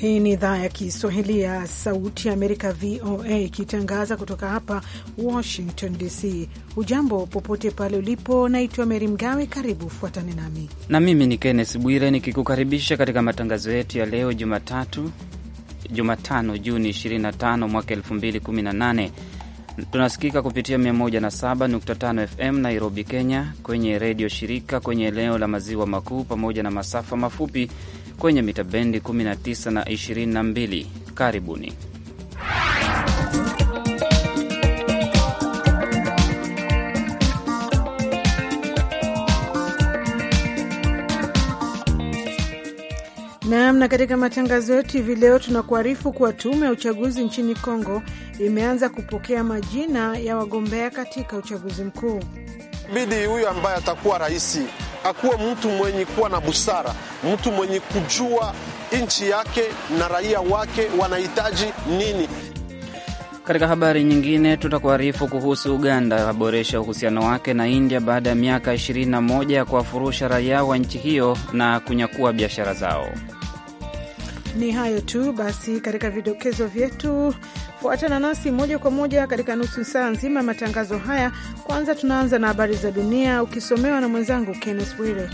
Hii ni idhaa ya Kiswahili ya Sauti ya Amerika, VOA, ikitangaza kutoka hapa Washington DC. Hujambo popote pale ulipo, naitwa Meri Mgawe. Karibu fuatane nami na mimi ni Kennes Bwire nikikukaribisha katika matangazo yetu ya leo Jumatatu, Jumatano Juni 25 mwaka 2018. Tunasikika kupitia 107.5 FM Nairobi, Kenya, kwenye redio shirika kwenye eneo la maziwa makuu pamoja na masafa mafupi kwenye mita bendi 19 na 22. Karibuni. Namna na katika matangazo yetu hivi leo tunakuarifu kuwa tume ya uchaguzi nchini Kongo imeanza kupokea majina ya wagombea katika uchaguzi mkuu. Bidi huyu ambaye atakuwa raisi akuwe mtu mwenye kuwa na busara, mtu mwenye kujua nchi yake na raia wake wanahitaji nini. Katika habari nyingine, tutakuarifu kuhusu Uganda waboresha uhusiano wake na India baada ya miaka 21 ya kuwafurusha raia wa nchi hiyo na kunyakua biashara zao. Ni hayo tu basi katika vidokezo vyetu Fuatana nasi moja kwa moja katika nusu saa nzima ya matangazo haya. Kwanza tunaanza na habari za dunia ukisomewa na mwenzangu Kenneth Bwire.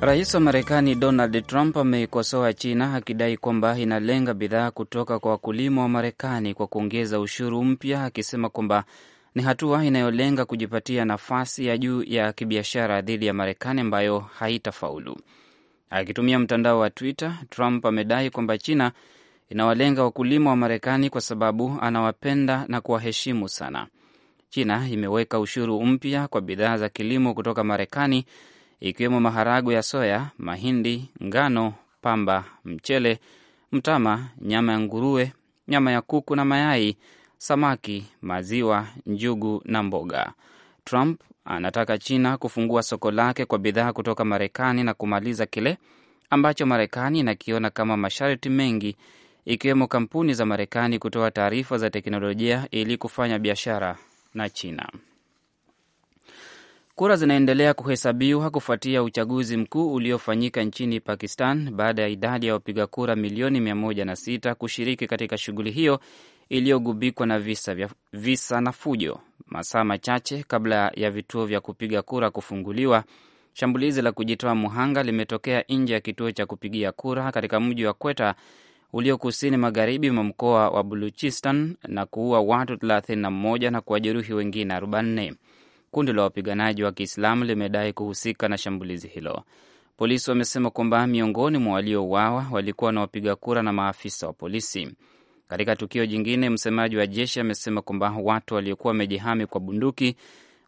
Rais wa Marekani Donald Trump ameikosoa China akidai kwamba inalenga bidhaa kutoka kwa wakulima wa Marekani kwa kuongeza ushuru mpya, akisema kwamba ni hatua inayolenga kujipatia nafasi ya juu ya kibiashara dhidi ya Marekani ambayo haitafaulu. Akitumia mtandao wa Twitter, Trump amedai kwamba China inawalenga wakulima wa Marekani kwa sababu anawapenda na kuwaheshimu sana. China imeweka ushuru mpya kwa bidhaa za kilimo kutoka Marekani, ikiwemo maharagu ya soya, mahindi, ngano, pamba, mchele, mtama, nyama ya nguruwe, nyama ya kuku na mayai samaki, maziwa, njugu na mboga. Trump anataka China kufungua soko lake kwa bidhaa kutoka Marekani na kumaliza kile ambacho Marekani inakiona kama masharti mengi, ikiwemo kampuni za Marekani kutoa taarifa za teknolojia ili kufanya biashara na China. Kura zinaendelea kuhesabiwa kufuatia uchaguzi mkuu uliofanyika nchini Pakistan baada ya idadi ya wapiga kura milioni 106 kushiriki katika shughuli hiyo iliyogubikwa na visa, vya, visa na fujo. Masaa machache kabla ya vituo vya kupiga kura kufunguliwa, shambulizi la kujitoa muhanga limetokea nje ya kituo cha kupigia kura katika mji wa Kweta ulio kusini magharibi mwa mkoa wa buluchistan na kuua watu 31 na kuwajeruhi wengine Kundi la wapiganaji wa Kiislamu limedai kuhusika na shambulizi hilo. Polisi wamesema kwamba miongoni mwa waliouawa walikuwa na wapiga kura na maafisa wa polisi. Katika tukio jingine, msemaji wa jeshi amesema kwamba watu waliokuwa wamejihami kwa bunduki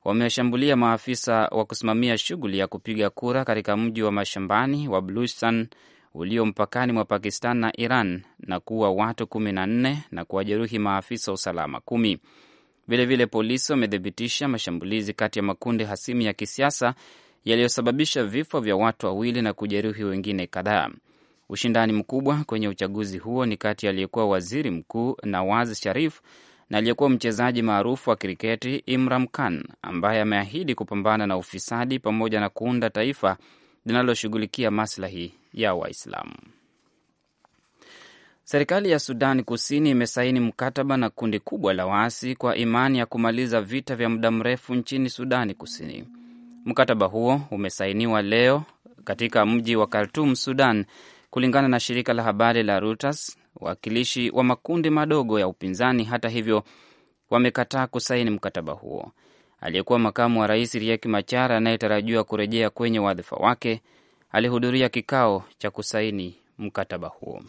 wameshambulia maafisa wa kusimamia shughuli ya kupiga kura katika mji wa mashambani wa Bluchistan ulio mpakani mwa Pakistan na Iran na kuua watu 14 na na kuwajeruhi maafisa wa usalama kumi. Vilevile polisi wamethibitisha mashambulizi kati ya makundi hasimu ya kisiasa yaliyosababisha vifo vya watu wawili na kujeruhi wengine kadhaa. Ushindani mkubwa kwenye uchaguzi huo ni kati ya aliyekuwa waziri mkuu Nawaz Sharif na aliyekuwa mchezaji maarufu wa kriketi Imran Khan ambaye ameahidi kupambana na ufisadi pamoja na kuunda taifa linaloshughulikia maslahi ya Waislamu. Serikali ya Sudani Kusini imesaini mkataba na kundi kubwa la waasi kwa imani ya kumaliza vita vya muda mrefu nchini Sudani Kusini. Mkataba huo umesainiwa leo katika mji wa Khartum, Sudan, kulingana na shirika la habari la Reuters. Wawakilishi wa makundi madogo ya upinzani, hata hivyo, wamekataa kusaini mkataba huo. Aliyekuwa makamu wa rais Riek Machar anayetarajiwa kurejea kwenye wadhifa wake alihudhuria kikao cha kusaini mkataba huo.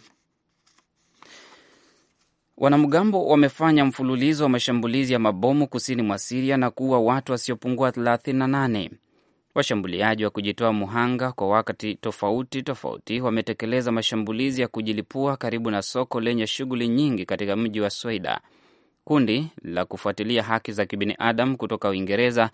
Wanamgambo wamefanya mfululizo wa mashambulizi ya mabomu kusini mwa Siria na kuua watu wasiopungua 38. Washambuliaji wa kujitoa muhanga kwa wakati tofauti tofauti wametekeleza mashambulizi ya kujilipua karibu na soko lenye shughuli nyingi katika mji wa Sweida. Kundi la kufuatilia haki za kibinadamu kutoka Uingereza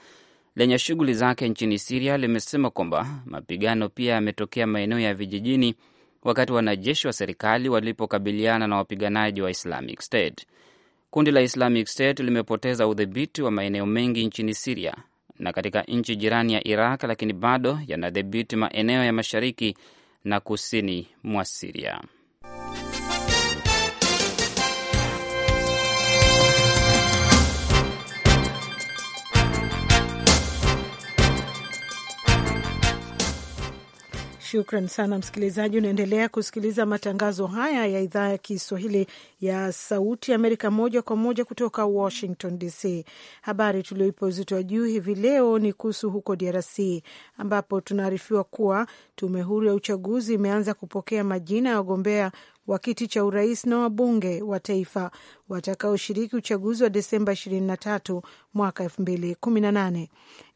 lenye shughuli zake nchini Siria limesema kwamba mapigano pia yametokea maeneo ya vijijini wakati wanajeshi wa serikali walipokabiliana na wapiganaji wa Islamic State. Kundi la Islamic State limepoteza udhibiti wa maeneo mengi nchini Siria na katika nchi jirani ya Iraq, lakini bado yanadhibiti maeneo ya mashariki na kusini mwa Siria. Shukran sana msikilizaji, unaendelea kusikiliza matangazo haya ya idhaa ya Kiswahili ya Sauti Amerika moja kwa moja kutoka Washington DC. Habari tulioipa uzito wa juu hivi leo ni kuhusu huko DRC ambapo tunaarifiwa kuwa tume huru ya uchaguzi imeanza kupokea majina ya wagombea wa kiti cha urais na wabunge wa taifa watakaoshiriki uchaguzi wa Desemba 23 mwaka 2018,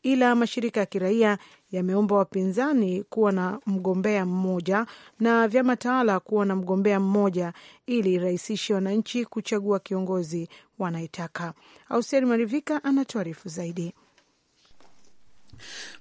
ila mashirika ya kiraia yameomba wapinzani kuwa na mgombea mmoja na vyama tawala kuwa na mgombea mmoja ili rahisishi wananchi kuchagua kiongozi wanayetaka. austeri Marivika anatuarifu zaidi.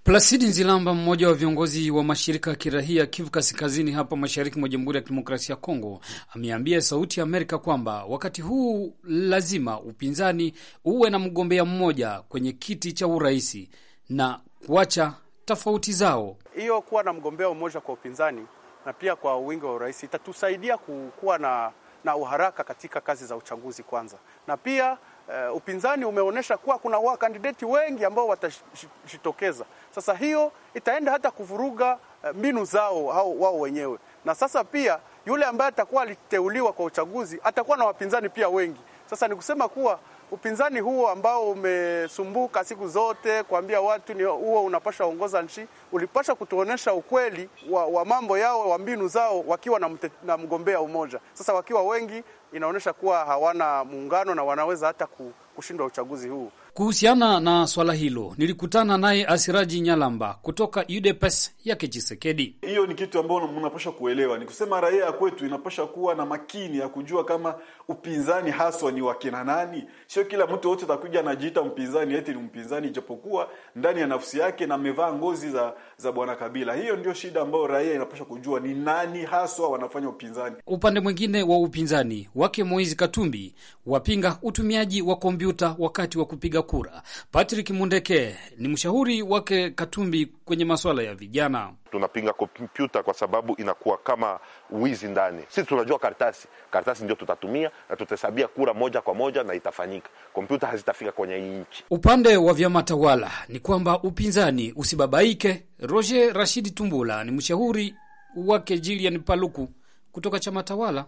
Plasidi Nzilamba, mmoja wa viongozi wa mashirika ya kirahia Kivu Kaskazini hapa mashariki mwa Jamhuri ya Kidemokrasia ya Kongo, ameambia Sauti ya Amerika kwamba wakati huu lazima upinzani uwe na mgombea mmoja kwenye kiti cha urahisi na kuacha tofauti zao. Hiyo kuwa na mgombea mmoja kwa upinzani na pia kwa wingi wa urahisi itatusaidia kuwa na, na uharaka katika kazi za uchaguzi kwanza, na pia uh, upinzani umeonyesha kuwa kuna wakandideti wengi ambao watajitokeza. Sasa hiyo itaenda hata kuvuruga eh, mbinu zao au wao wenyewe, na sasa pia yule ambaye atakuwa aliteuliwa kwa uchaguzi atakuwa na wapinzani pia wengi. Sasa ni kusema kuwa upinzani huo ambao umesumbuka siku zote kuambia watu ni huo unapasha ongoza nchi, ulipasha kutuonesha ukweli wa, wa mambo yao wa mbinu zao wakiwa na, mte, na mgombea umoja. Sasa wakiwa wengi inaonyesha kuwa hawana muungano na wanaweza hata kushindwa uchaguzi huu. Kuhusiana na swala hilo, nilikutana naye Asiraji Nyalamba kutoka UDPS yake Chisekedi. Hiyo ni kitu ambayo mnapasha kuelewa, ni kusema raia ya kwetu inapasha kuwa na makini ya kujua kama upinzani haswa ni wakina nani. Sio kila mtu wote atakuja anajiita mpinzani eti ni mpinzani, ijapokuwa ndani ya nafsi yake na amevaa ngozi za za bwana Kabila. Hiyo ndio shida ambayo raia inapasha kujua ni nani haswa wanafanya upinzani. Upande mwingine wa upinzani wake Moizi Katumbi wapinga utumiaji wa kompyuta wakati wa kupiga kura. Patrick Mundeke ni mshauri wake Katumbi kwenye masuala ya vijana. Tunapinga kompyuta kwa sababu inakuwa kama wizi ndani. Sisi tunajua karatasi, karatasi ndio tutatumia na tutahesabia kura moja kwa moja na itafanyika. Kompyuta hazitafika kwenye hii nchi. Upande wa vyama tawala ni kwamba upinzani usibabaike. Roger Rashidi Tumbula ni mshauri wake Jilian Paluku kutoka chama tawala.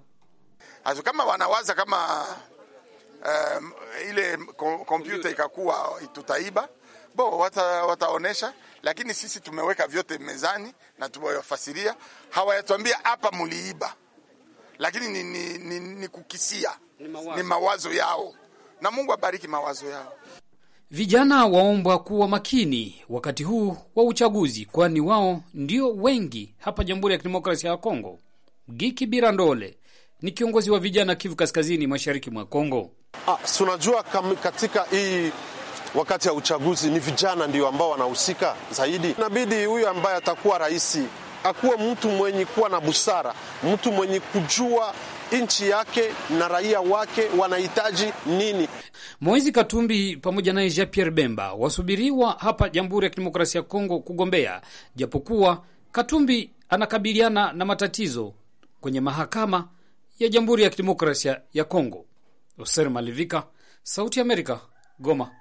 Kama wanawaza kama uh, ile kompyuta ikakuwa tutaiba bo wata, wataonesha, lakini sisi tumeweka vyote mezani na tumewafasiria. Hawayatuambia hapa muliiba, lakini ni, ni, ni, ni kukisia, ni mawazo, ni mawazo yao, na Mungu abariki mawazo yao. Vijana waombwa kuwa makini wakati huu wa uchaguzi, kwani wao ndio wengi hapa Jamhuri ya Kidemokrasia ya Kongo. Giki Birandole ni kiongozi wa vijana Kivu Kaskazini, mashariki mwa Kongo. Ah, unajua katika hii wakati ya uchaguzi ni vijana ndio ambao wanahusika zaidi. Inabidi huyu ambaye atakuwa rais akuwe mtu mwenye kuwa na busara, mtu mwenye kujua nchi yake na raia wake wanahitaji nini. Moizi Katumbi pamoja naye Jean Pierre Bemba wasubiriwa hapa Jamhuri ya Kidemokrasia ya Kongo kugombea, japokuwa Katumbi anakabiliana na matatizo kwenye mahakama ya Jamhuri ya Kidemokrasia ya Kongo. Oser Malivika, Sauti ya Amerika, Goma.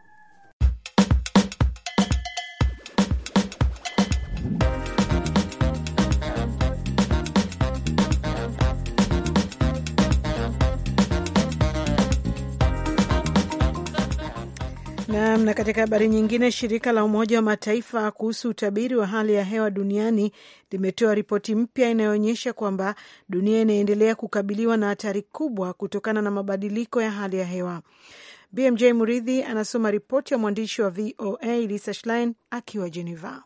Naam. Na katika habari nyingine, shirika la Umoja wa Mataifa kuhusu utabiri wa hali ya hewa duniani limetoa ripoti mpya inayoonyesha kwamba dunia inaendelea kukabiliwa na hatari kubwa kutokana na mabadiliko ya hali ya hewa. BMJ Muridhi anasoma ripoti ya mwandishi wa VOA Lisa Schlein akiwa Geneva.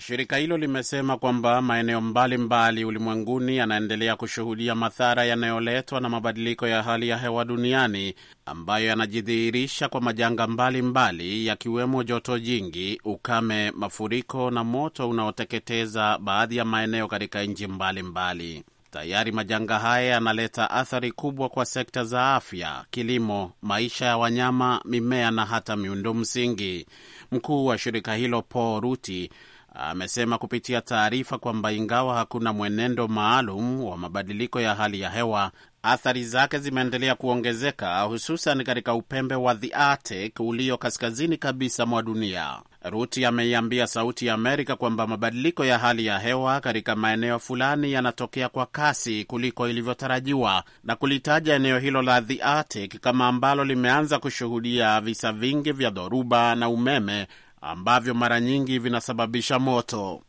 Shirika hilo limesema kwamba maeneo mbalimbali ulimwenguni yanaendelea kushuhudia madhara yanayoletwa na mabadiliko ya hali ya hewa duniani ambayo yanajidhihirisha kwa majanga mbalimbali yakiwemo joto jingi, ukame, mafuriko na moto unaoteketeza baadhi ya maeneo katika nchi mbalimbali. Tayari majanga haya yanaleta athari kubwa kwa sekta za afya, kilimo, maisha ya wanyama, mimea na hata miundo msingi. Mkuu wa shirika hilo Paul Ruti amesema kupitia taarifa kwamba ingawa hakuna mwenendo maalum wa mabadiliko ya hali ya hewa, athari zake zimeendelea kuongezeka, hususan katika upembe wa the Arctic ulio kaskazini kabisa mwa dunia. Ruti ameiambia Sauti ya Amerika kwamba mabadiliko ya hali ya hewa katika maeneo fulani yanatokea kwa kasi kuliko ilivyotarajiwa na kulitaja eneo hilo la the Arctic kama ambalo limeanza kushuhudia visa vingi vya dhoruba na umeme ambavyo mara nyingi vinasababisha moto.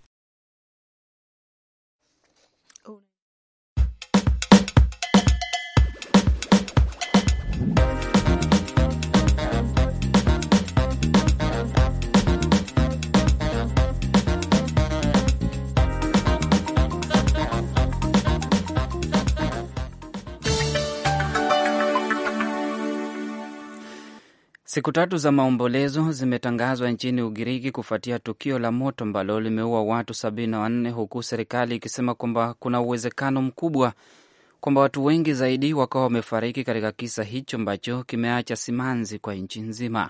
Siku tatu za maombolezo zimetangazwa nchini Ugiriki kufuatia tukio la moto ambalo limeua watu 74 huku serikali ikisema kwamba kuna uwezekano mkubwa kwamba watu wengi zaidi wakawa wamefariki katika kisa hicho ambacho kimeacha simanzi kwa nchi nzima.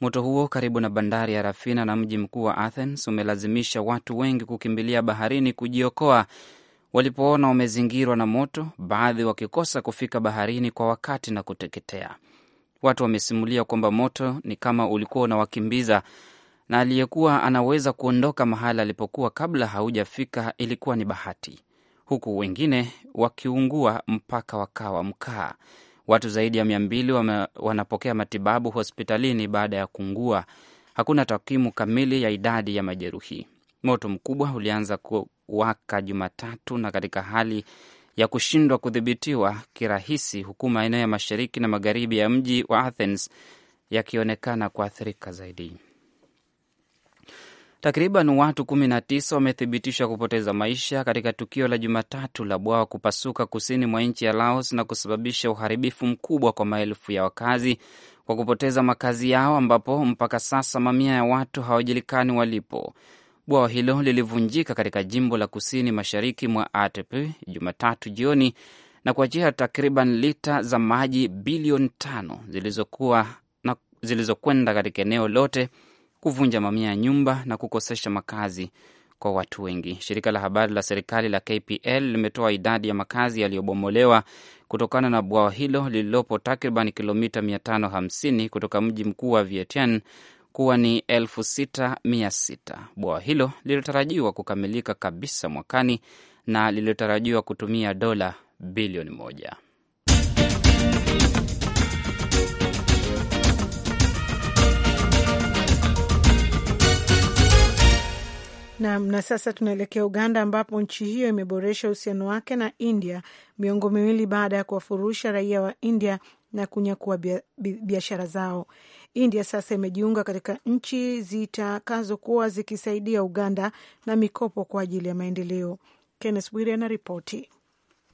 Moto huo karibu na bandari ya Rafina na mji mkuu wa Athens umelazimisha watu wengi kukimbilia baharini kujiokoa walipoona wamezingirwa na moto, baadhi wakikosa kufika baharini kwa wakati na kuteketea. Watu wamesimulia kwamba moto ni kama ulikuwa unawakimbiza na aliyekuwa anaweza kuondoka mahala alipokuwa kabla haujafika ilikuwa ni bahati, huku wengine wakiungua mpaka wakawa mkaa. Watu zaidi ya mia mbili wanapokea matibabu hospitalini baada ya kuungua. Hakuna takwimu kamili ya idadi ya majeruhi. Moto mkubwa ulianza kuwaka Jumatatu na katika hali ya kushindwa kudhibitiwa kirahisi, huku maeneo ya mashariki na magharibi ya mji wa Athens yakionekana kuathirika zaidi. Takriban watu 19 wamethibitishwa kupoteza maisha katika tukio la Jumatatu la bwawa kupasuka kusini mwa nchi ya Laos na kusababisha uharibifu mkubwa kwa maelfu ya wakazi kwa kupoteza makazi yao, ambapo mpaka sasa mamia ya watu hawajulikani walipo. Bwawa hilo lilivunjika katika jimbo la kusini mashariki mwa atp Jumatatu jioni na kuachia takriban lita za maji bilioni tano zilizokuwa na zilizokwenda katika eneo lote kuvunja mamia ya nyumba na kukosesha makazi kwa watu wengi. Shirika la habari la serikali la KPL limetoa idadi ya makazi yaliyobomolewa kutokana na bwawa hilo lililopo takriban kilomita 550 kutoka mji mkuu wa Vientiane kuwa ni elfu sita mia sita. Bwawa hilo lililotarajiwa kukamilika kabisa mwakani na lililotarajiwa kutumia dola bilioni moja. Nam, na sasa tunaelekea Uganda ambapo nchi hiyo imeboresha uhusiano wake na India miongo miwili baada ya kuwafurusha raia wa India na kunyakua biashara zao. India sasa imejiunga katika nchi zitakazokuwa zikisaidia Uganda na mikopo kwa ajili ya maendeleo. Kenneth Bwire anaripoti.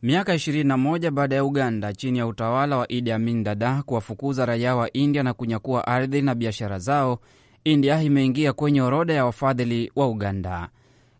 Miaka 21 baada ya Uganda chini ya utawala wa Idi Amin Dada kuwafukuza raia wa India na kunyakua ardhi na biashara zao, India imeingia kwenye orodha ya wafadhili wa Uganda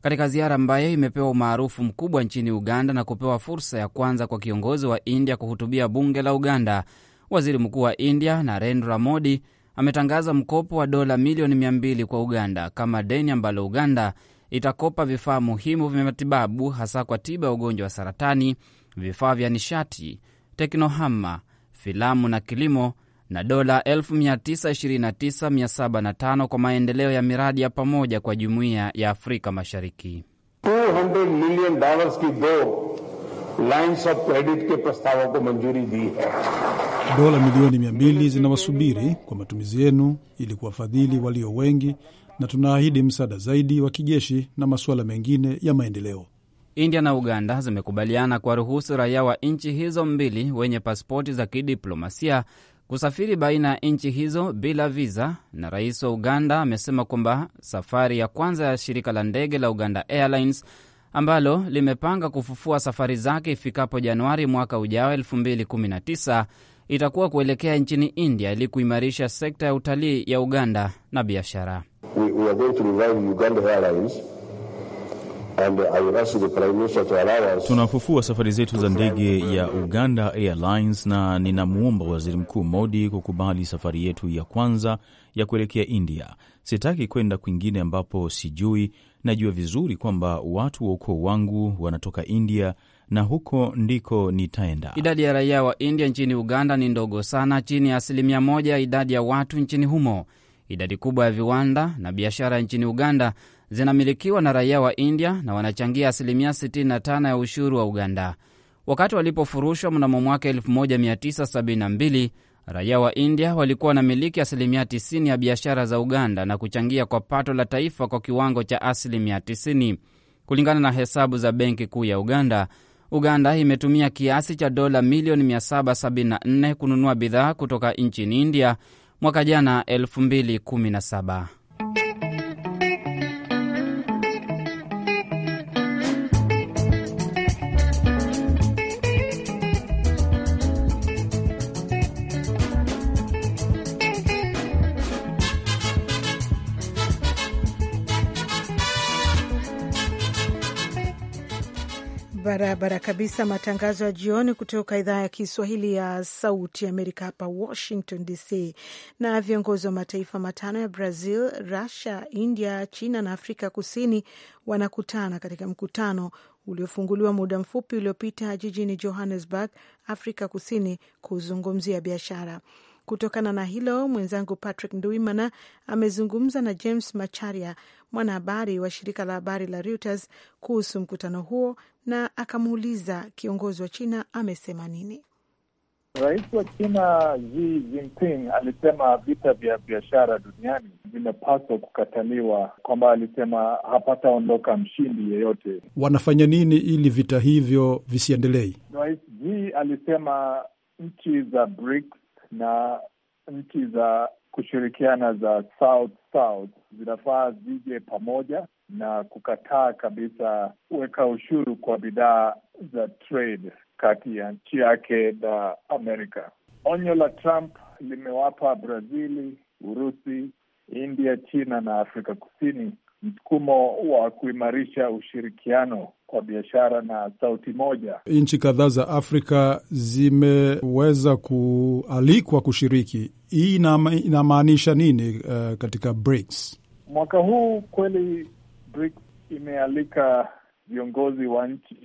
katika ziara ambayo imepewa umaarufu mkubwa nchini Uganda na kupewa fursa ya kwanza kwa kiongozi wa India kuhutubia bunge la Uganda. Waziri Mkuu wa India Narendra Modi ametangaza mkopo wa dola milioni 2 kwa Uganda kama deni ambalo Uganda itakopa vifaa muhimu vya matibabu hasa kwa tiba ya ugonjwa wa saratani, vifaa vya nishati, teknohama, filamu na kilimo na dola 929,705 kwa maendeleo ya miradi ya pamoja kwa jumuiya ya Afrika Mashariki. $200 million ki do lines of credit ke prastava ko manzuri di hai Dola milioni mia mbili zinawasubiri kwa matumizi yenu ili kuwafadhili walio wengi, na tunaahidi msaada zaidi wa kijeshi na masuala mengine ya maendeleo. India na Uganda zimekubaliana kuwaruhusu raia wa nchi hizo mbili wenye pasipoti za kidiplomasia kusafiri baina ya nchi hizo bila viza, na rais wa Uganda amesema kwamba safari ya kwanza ya shirika la ndege la Uganda Airlines ambalo limepanga kufufua safari zake ifikapo Januari mwaka ujao itakuwa kuelekea nchini India ili kuimarisha sekta ya utalii ya Uganda na biashara. Tunafufua safari zetu za ndege ya Uganda Airlines na ninamwomba Waziri Mkuu Modi kukubali safari yetu ya kwanza ya kuelekea India. Sitaki kwenda kwingine ambapo sijui. Najua vizuri kwamba watu wa ukoo wangu wanatoka India na huko ndiko nitaenda. Idadi ya raia wa India nchini Uganda ni ndogo sana, chini ya asilimia moja ya idadi ya watu nchini humo. Idadi kubwa ya viwanda na biashara nchini Uganda zinamilikiwa na raia wa India na wanachangia asilimia 65 ya ushuru wa Uganda. Wakati walipofurushwa mnamo mwaka 1972 raia wa India walikuwa wanamiliki asilimia 90 ya biashara za Uganda na kuchangia kwa pato la taifa kwa kiwango cha asilimia 90, kulingana na hesabu za Benki Kuu ya Uganda. Uganda imetumia kiasi cha dola milioni 774 kununua bidhaa kutoka nchini India mwaka jana 2017. barabara kabisa. Matangazo ya jioni kutoka idhaa ya Kiswahili ya Sauti Amerika hapa Washington DC. Na viongozi wa mataifa matano ya Brazil, Russia, India, China na Afrika Kusini wanakutana katika mkutano uliofunguliwa muda mfupi uliopita jijini Johannesburg, Afrika Kusini, kuzungumzia biashara. Kutokana na hilo, mwenzangu Patrick Nduimana amezungumza na James Macharia, mwanahabari wa shirika la habari la Reuters kuhusu mkutano huo, na akamuuliza kiongozi wa China amesema nini. Rais wa China Xi Jinping alisema vita vya biashara duniani vimepaswa kukataliwa, kwamba alisema hapataondoka mshindi yeyote. Wanafanya nini ili vita hivyo visiendelei? Rais Xi alisema nchi za BRICS na nchi za kushirikiana za South South zinafaa zije pamoja na kukataa kabisa kuweka ushuru kwa bidhaa za trade kati ya nchi yake na Amerika. Onyo la Trump limewapa Brazili, Urusi, India, China na Afrika Kusini msukumo wa kuimarisha ushirikiano kwa biashara na sauti moja. Nchi kadhaa za Afrika zimeweza kualikwa kushiriki. Hii inamaanisha nini uh, katika BRICS? Mwaka huu kweli BRICS imealika viongozi wa nchi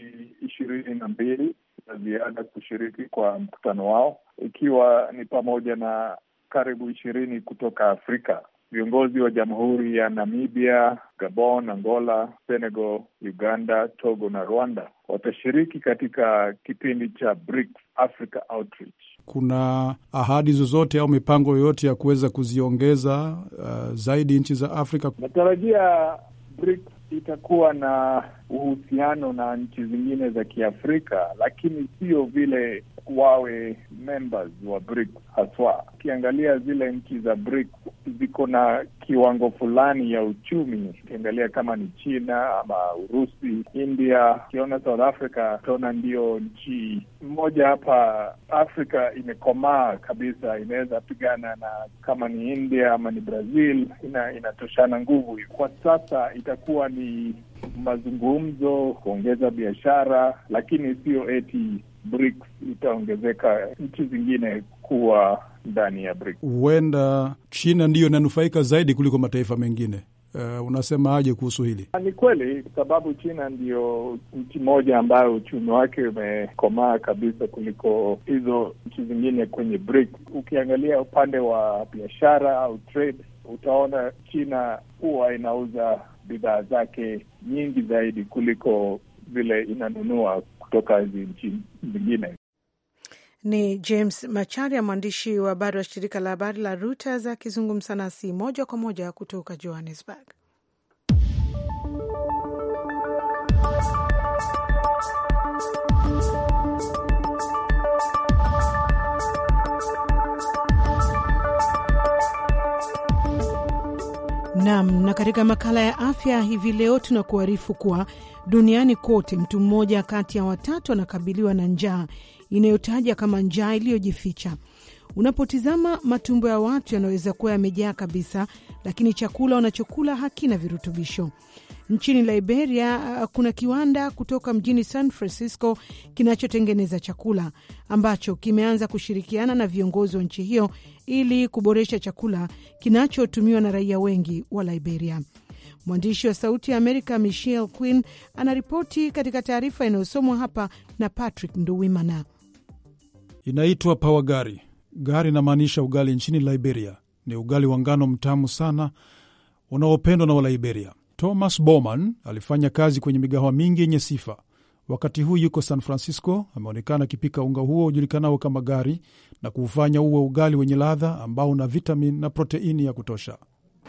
ishirini na mbili za ziada kushiriki kwa mkutano wao, ikiwa ni pamoja na karibu ishirini kutoka Afrika viongozi wa jamhuri ya Namibia, Gabon, Angola, Senegal, Uganda, Togo na Rwanda watashiriki katika kipindi cha BRICS Africa Outreach. Kuna ahadi zozote au mipango yoyote ya kuweza kuziongeza uh, zaidi nchi za Afrika? Natarajia BRICS itakuwa na uhusiano na nchi zingine za Kiafrika, lakini sio vile wawe members wa BRICS haswa. Ukiangalia zile nchi za BRICS ziko na kiwango fulani ya uchumi, ukiangalia kama ni China ama Urusi, India, ukiona South Africa utaona ndio nchi mmoja hapa Afrika imekomaa kabisa, inaweza pigana na kama ni India ama ni Brazil, ina inatoshana nguvu. Kwa sasa itakuwa ni mazungumzo, kuongeza biashara, lakini sio eti BRICS itaongezeka nchi zingine kuwa ndani ya BRICS. Huenda China ndiyo inanufaika zaidi kuliko mataifa mengine. Uh, unasema aje kuhusu hili? Ah, ni kweli kwa sababu China ndiyo nchi moja ambayo uchumi wake umekomaa kabisa kuliko hizo nchi zingine kwenye BRICS. Ukiangalia upande wa biashara au trade, utaona China huwa inauza bidhaa zake nyingi zaidi kuliko vile inanunua kutoka hizi nchi zingine. Ni James Macharia, mwandishi wa habari wa shirika la habari la Reuters akizungumza nasi moja kwa moja kutoka Johannesburg. Nam. Na katika makala ya afya hivi leo tunakuarifu kuwa duniani kote mtu mmoja kati ya watatu anakabiliwa na njaa inayotaja kama njaa iliyojificha Unapotizama matumbo ya watu yanaweza kuwa yamejaa kabisa, lakini chakula wanachokula hakina virutubisho. Nchini Liberia uh, kuna kiwanda kutoka mjini San Francisco kinachotengeneza chakula ambacho kimeanza kushirikiana na viongozi wa nchi hiyo ili kuboresha chakula kinachotumiwa na raia wengi wa Liberia. Mwandishi wa Sauti ya Amerika Michelle Quinn anaripoti katika taarifa inayosomwa hapa na Patrick Nduwimana. Inaitwa Pawagari. Gari inamaanisha ugali nchini Liberia. Ni ugali wa ngano mtamu sana unaopendwa na Waliberia. Thomas Bowman alifanya kazi kwenye migahawa mingi yenye sifa. Wakati huu yuko San Francisco, ameonekana akipika unga huo ujulikanao kama gari na kuufanya uwe ugali wenye ladha ambao una vitamin na proteini ya kutosha.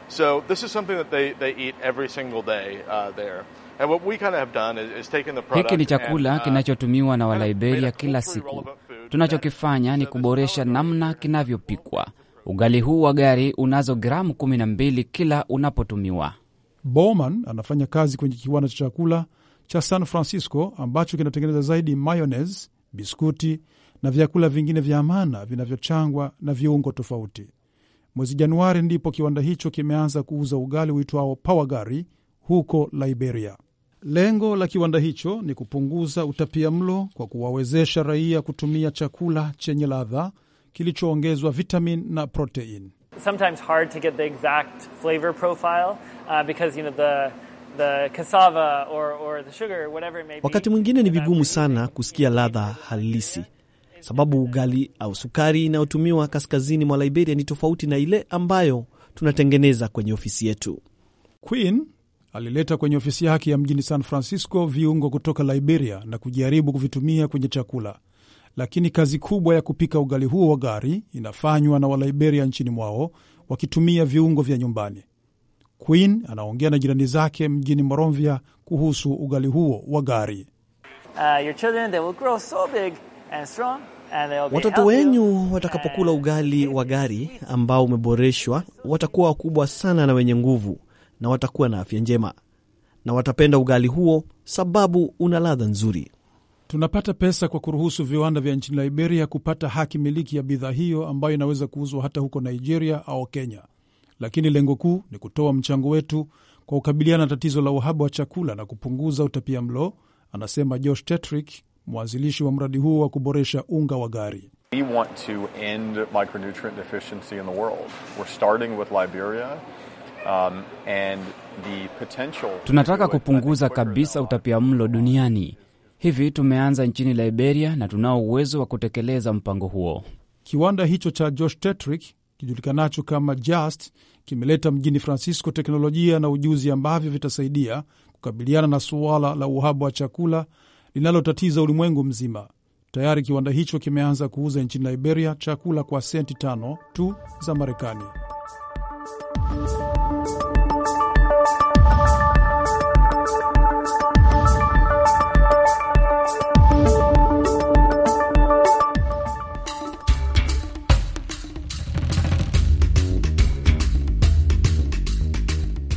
So this is something that they, they eat every single day uh, there. And what we kind of have done is, is taken the product. Hiki ni chakula uh, kinachotumiwa na Waliberia kila siku Tunachokifanya ni kuboresha namna kinavyopikwa. Ugali huu wa gari unazo gramu 12 kila unapotumiwa. Bowman anafanya kazi kwenye kiwanda cha chakula cha San Francisco ambacho kinatengeneza zaidi mayonnaise, biskuti na vyakula vingine vya amana vinavyochangwa na viungo tofauti. Mwezi Januari ndipo kiwanda hicho kimeanza kuuza ugali uitwao pawagari huko Liberia. Lengo la kiwanda hicho ni kupunguza utapia mlo kwa kuwawezesha raia kutumia chakula chenye ladha kilichoongezwa vitamin na protein. Wakati mwingine ni vigumu sana kusikia ladha halisi, sababu ugali au sukari inayotumiwa kaskazini mwa Liberia ni tofauti na ile ambayo tunatengeneza kwenye ofisi yetu. Queen alileta kwenye ofisi yake ya mjini San Francisco viungo kutoka Liberia na kujaribu kuvitumia kwenye chakula, lakini kazi kubwa ya kupika ugali huo wa gari inafanywa na Waliberia nchini mwao wakitumia viungo vya nyumbani. Queen anaongea na jirani zake mjini moromvia kuhusu ugali huo wa gari. Uh, watoto wenyu watakapokula ugali wa gari ambao umeboreshwa watakuwa wakubwa sana na wenye nguvu na watakuwa na afya njema na watapenda ugali huo sababu una ladha nzuri. Tunapata pesa kwa kuruhusu viwanda vya nchini Liberia kupata haki miliki ya bidhaa hiyo ambayo inaweza kuuzwa hata huko Nigeria au Kenya, lakini lengo kuu ni kutoa mchango wetu kwa kukabiliana na tatizo la uhaba wa chakula na kupunguza utapia mlo, anasema Josh Tetrick, mwanzilishi wa mradi huo wa kuboresha unga wa gari. We want to end micronutrient deficiency in the world. We're starting with Liberia. Um, and the potential... tunataka kupunguza kabisa utapiamlo duniani. Hivi tumeanza nchini Liberia na tunao uwezo wa kutekeleza mpango huo. Kiwanda hicho cha Josh Tetrick kijulikanacho kama Just kimeleta mjini Francisco teknolojia na ujuzi ambavyo vitasaidia kukabiliana na suala la uhaba wa chakula linalotatiza ulimwengu mzima. Tayari kiwanda hicho kimeanza kuuza nchini Liberia chakula kwa senti tano tu za Marekani.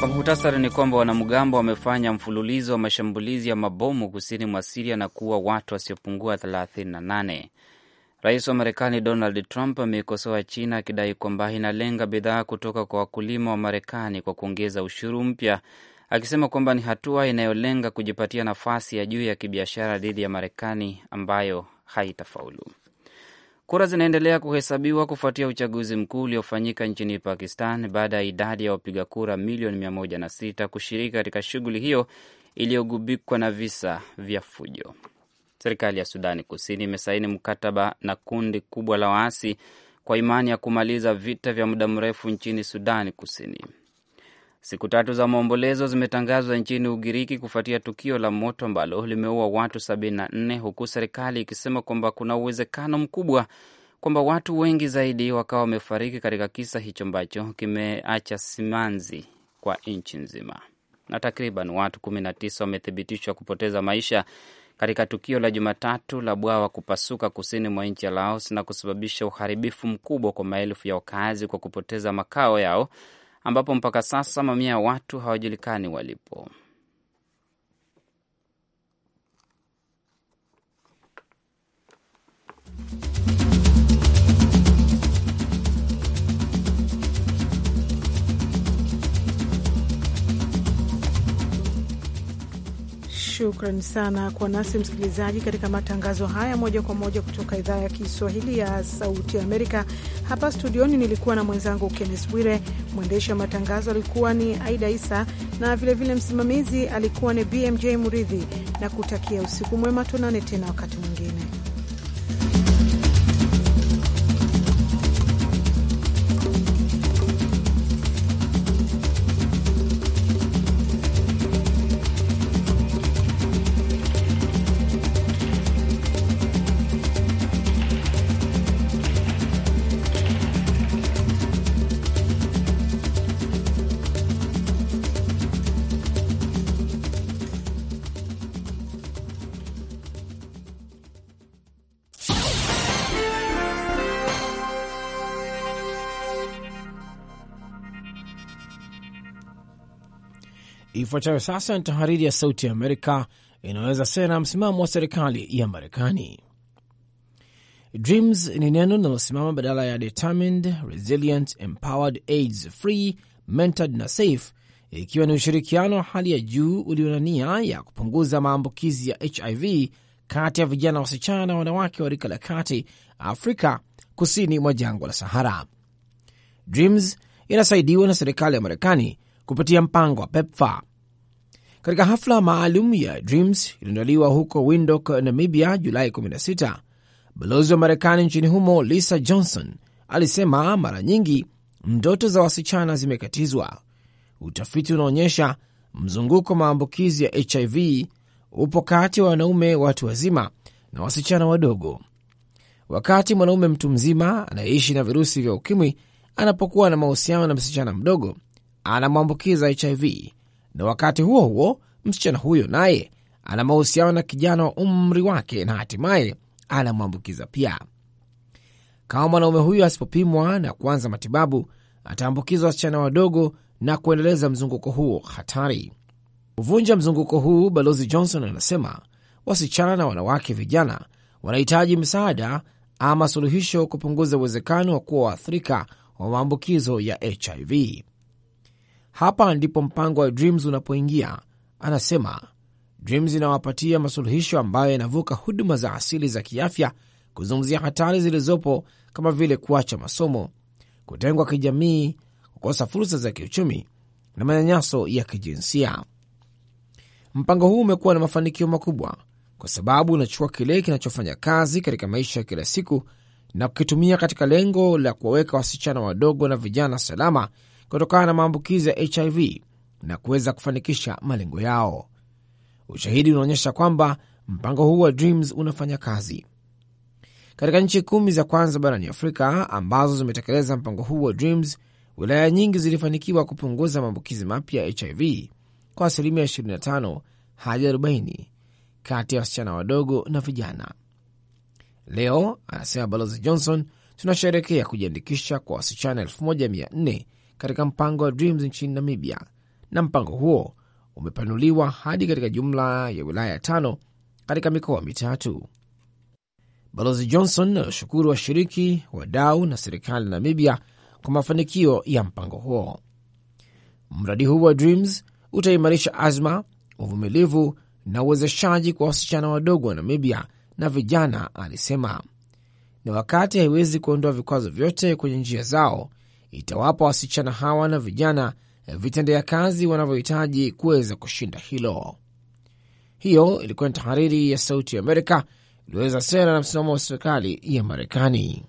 Kwa muhtasari ni kwamba wanamgambo wamefanya mfululizo wa mashambulizi ya mabomu kusini mwa Siria na kuua watu wasiopungua 38. Rais wa Marekani Donald Trump ameikosoa China akidai kwamba inalenga bidhaa kutoka kwa wakulima wa Marekani kwa kuongeza ushuru mpya, akisema kwamba ni hatua inayolenga kujipatia nafasi ya juu ya kibiashara dhidi ya Marekani ambayo haitafaulu. Kura zinaendelea kuhesabiwa kufuatia uchaguzi mkuu uliofanyika nchini Pakistan baada ya idadi ya wapiga kura milioni 106 kushiriki katika shughuli hiyo iliyogubikwa na visa vya fujo. Serikali ya Sudani Kusini imesaini mkataba na kundi kubwa la waasi kwa imani ya kumaliza vita vya muda mrefu nchini Sudani Kusini. Siku tatu za maombolezo zimetangazwa nchini Ugiriki kufuatia tukio la moto ambalo limeua watu 74 huku serikali ikisema kwamba kuna uwezekano mkubwa kwamba watu wengi zaidi wakawa wamefariki katika kisa hicho ambacho kimeacha simanzi kwa nchi nzima. Na takriban watu 19 wamethibitishwa kupoteza maisha katika tukio la Jumatatu la bwawa kupasuka kusini mwa nchi ya Laos na kusababisha uharibifu mkubwa kwa maelfu ya wakazi kwa kupoteza makao yao ambapo mpaka sasa mamia ya watu hawajulikani walipo. Shukran sana kwa nasi msikilizaji, katika matangazo haya moja kwa moja kutoka idhaa ya Kiswahili ya Sauti Amerika. Hapa studioni nilikuwa na mwenzangu Kennes Bwire, mwendeshi wa matangazo alikuwa ni Aida Isa na vilevile vile msimamizi alikuwa ni BMJ Muridhi, na kutakia usiku mwema, Tunane tena wakati mwingine. Ifuatayo sasa ni tahariri ya Sauti ya Amerika inaweza sera msimamo wa serikali ya Marekani. Dreams ni neno linalosimama badala ya determined, resilient, empowered, aids free, mentored na safe, ikiwa ni ushirikiano wa hali ya juu ulio na nia ya kupunguza maambukizi ya HIV kati ya vijana wasichana na wanawake wa rika la kati Afrika kusini mwa jangwa la Sahara. Dreams inasaidiwa na serikali ya Marekani kupitia mpango wa PEPFAR katika hafla maalum ya Dreams iliyoandaliwa huko Windhoek, Namibia, Julai 16, balozi wa Marekani nchini humo Lisa Johnson alisema mara nyingi ndoto za wasichana zimekatizwa. Utafiti unaonyesha mzunguko wa maambukizi ya HIV upo kati ya wanaume watu wazima na wasichana wadogo. Wakati mwanaume mtu mzima anayeishi na virusi vya ukimwi anapokuwa na mahusiano na msichana mdogo, anamwambukiza HIV na wakati huo huo msichana huyo naye ana mahusiano na kijana wa umri wake na hatimaye anamwambukiza pia. Kama mwanaume huyo asipopimwa na kuanza matibabu, ataambukiza wasichana wadogo na kuendeleza mzunguko huo hatari. Kuvunja mzunguko huu, Balozi Johnson anasema wasichana na wanawake vijana wanahitaji msaada ama suluhisho kupunguza uwezekano wa kuwa waathirika wa maambukizo ya HIV. Hapa ndipo mpango wa Dreams unapoingia, anasema. Dreams inawapatia masuluhisho ambayo yanavuka huduma za asili za kiafya, kuzungumzia hatari zilizopo kama vile kuacha masomo, kutengwa kijamii, kukosa fursa za kiuchumi na manyanyaso ya kijinsia. Mpango huu umekuwa na mafanikio makubwa kwa sababu unachukua kile kinachofanya kazi katika maisha ya kila siku na kukitumia katika lengo la kuwaweka wasichana wadogo na vijana salama kutokana na maambukizi ya HIV na kuweza kufanikisha malengo yao. Ushahidi unaonyesha kwamba mpango huu wa Dreams unafanya kazi katika nchi kumi za kwanza barani Afrika ambazo zimetekeleza mpango huu wa Dreams. Wilaya nyingi zilifanikiwa kupunguza maambukizi mapya ya HIV kwa asilimia 25 hadi 40 kati ya wasichana wadogo na vijana. Leo, anasema Balozi Johnson, tunasherekea kujiandikisha kwa wasichana 1400 katika mpango wa Dreams nchini Namibia, na mpango huo umepanuliwa hadi katika jumla ya wilaya tano katika mikoa mitatu. Balozi Johnson alioshukuru washiriki, wadau na serikali ya Namibia kwa mafanikio ya mpango huo. Mradi huu wa Dreams utaimarisha azma, uvumilivu na uwezeshaji kwa wasichana wadogo wa Namibia na vijana, alisema. Na wakati haiwezi kuondoa vikwazo vyote kwenye njia zao, itawapa wasichana hawa na vijana vitendea kazi wanavyohitaji kuweza kushinda hilo. Hiyo ilikuwa ni tahariri ya Sauti ya Amerika iliyoweza sera na msimamo wa serikali ya Marekani.